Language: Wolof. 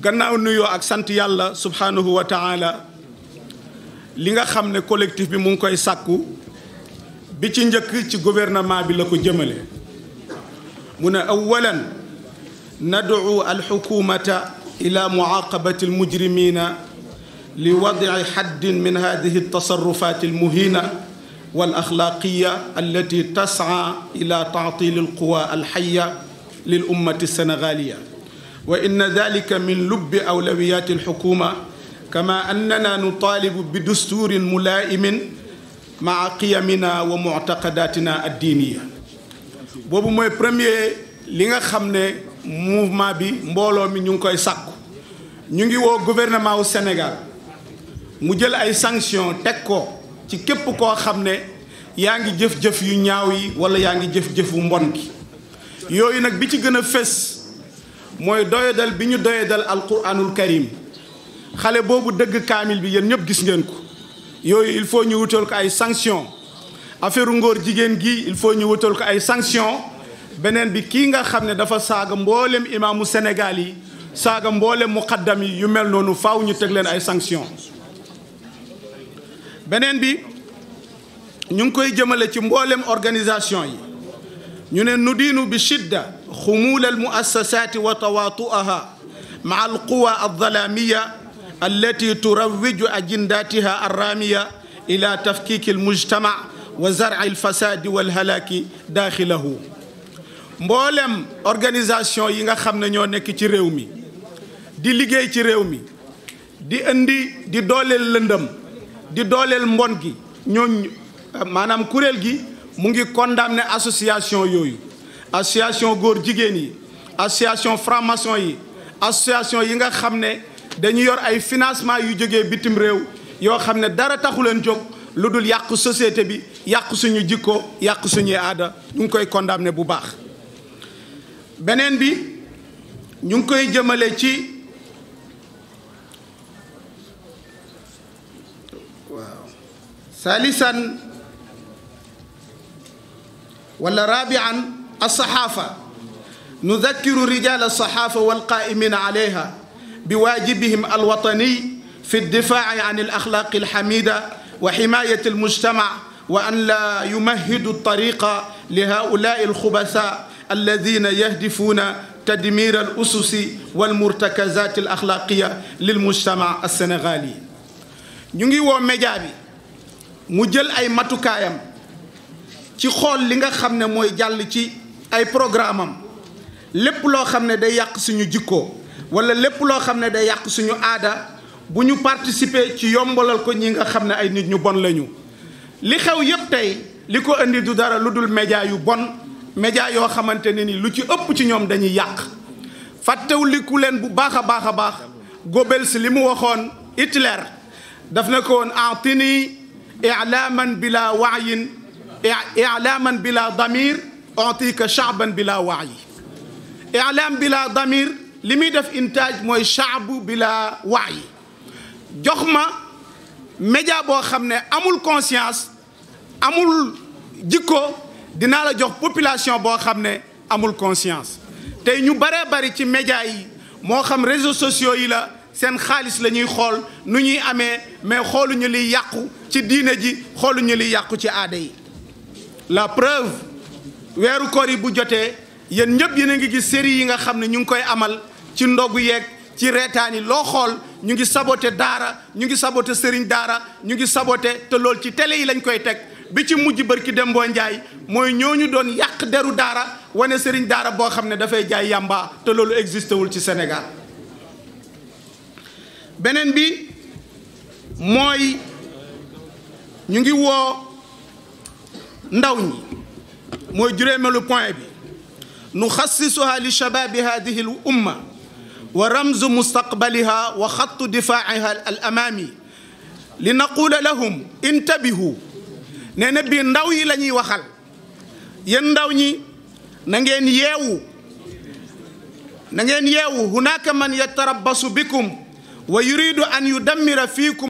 gannaaw nuyoo ak sant yàlla subhanahu wa taala li nga xam ne collectif bi mu ngi koy sàkku bi ci njëkk ci gouvernement bi la ko jëmale mu ne awalan nad'u alxukumata ila muaqabati almujrimina li wadi xaddin min hadihi altasarufat almuhina والاخلاقيه التي تسعى الى تعطيل القوى الحيه للامه السنغاليه wa inna dalika min lubbi awlawiyaati alxukuma kama annana nutaalibu bi dustuurin mulaa'imin maa qiyamina wa muctaqadatina addiiniya boobu mooy premier li nga xam ne mouvement bi mbooloo mi ñu ngi koy sàkku ñu ngi woo gouvernement wu senegal mu jël ay sanctions teg ko ci képp koo xam ne yaa ngi jëf-jëf yu ñaaw yi wala yaa ngi jëf-jëfu mbon gi yooyu nag bi ci gën a fés mooy doyadal bi ñu doyadal alquranul karim xale boobu dëgg kaamil bi yéen ñëpp gis ngeen ko yooyu il faut ñu wutal ko ay sanction affaire ngóor jigéen gi il faut ñu wutal ko ay sanction beneen bi kii nga xam ne dafa saaga mboolem imaamu Sénégal yi saaga mbooleem muqaddam yi yu mel noonu faw ñu teg leen ay sanction beneen bi ñu ngi koy jëmale ci mboolem organisation yi ñu ne nu diinu bi shidda خمول المؤسسات وتواطؤها مع القوى الظلامية التي تروج أجنداتها الرامية إلى تفكيك المجتمع وزرع الفساد والهلاك داخله mboolem organisation yi nga xam ne ñoo nekk ci réew mi di liggéey ci réew mi di indi di dooleel lëndëm di dooleel mbon gi ñooñ kuréel gi mu ngi condamné association yooyu association góor jigéen yi association franc-maçon yi association yi nga xam ne dañu yor ay financement yu jógee bitim réew yoo xam ne dara taxu leen jóg lu dul yàq société bi yàq suñu jikko yàq suñuy aada ñu ngi koy condamné bu baax beneen bi ñu ngi koy jëmale ci waaw salisan wala الصحافة نذكر رجال الصحافة والقائمين عليها بواجبهم الوطني في الدفاع عن الأخلاق الحميدة وحماية المجتمع وأن لا يمهدوا الطريق لهؤلاء الخبثاء الذين يهدفون تدمير الأسس والمرتكزات الأخلاقية للمجتمع السنغالي ñu ngi woo média bi mu jël ay matukaayam ci xool li nga xam ne mooy jàll ci ay programme am lépp loo xam ne day yàq suñu jikkoo wala lépp loo xam ne day yàq suñu aada bu ñu participer ci yombalal ko ñi nga xam ne ay nit ñu bon lañu li xew yëpp tey li ko indi du dara lu dul média yu bon média yoo xamante ne ni lu ci ëpp ci ñoom dañuy yàq fàttewuliku leen bu baax a baax a baax Goebbels li mu waxoon Hitler daf na ko woon atini i'laman bila wa'yin i'laman bila damir antika shaaban bila waay yi ilaam bila damir li muy def intaaj mooy shaabu bila waay yi jox ma média boo xam ne amul conscience amul jikko dinaa la jox population boo xam ne amul conscience tey ñu baree bari ci média yi moo xam réseau sociaux yi la seen xaalis la ñuy xool nu ñuy amee mais xooluñu liy yàqu ci diine ji xooluñu liy yàqu ci aada yi la preuve weeru koor yi bu jotee yéen ñëpp yéen a ngi gis série yi nga xam ne ñu ngi koy amal ci ndogu yeeg ci reetaan yi loo xool ñu ngi saboté daara ñu ngi saboté sëriñ daara ñu ngi saboté te loolu ci télé yi lañ koy teg bi ci mujj bërki dem boo njaay mooy ñu doon yàq deru daara wane sëriñ daara boo xam ne dafay jaay yàmba te loolu existé wul ci Sénégal beneen bi mooy ñu ngi woo ndaw ñi mooy juróomeelu point bi nu xassisuha li shababi hadihi al umma wa ramzu mustaqbaliha wa xattu difaaciha al amaami li naquula lahum intabihu nee na bii ndaw yi la ñuy waxal yéen ndaw ñi na ngeen yeewu na ngeen yeewu hunaaka man yatarabbasu bikum wa yuridu an yudammira fiikum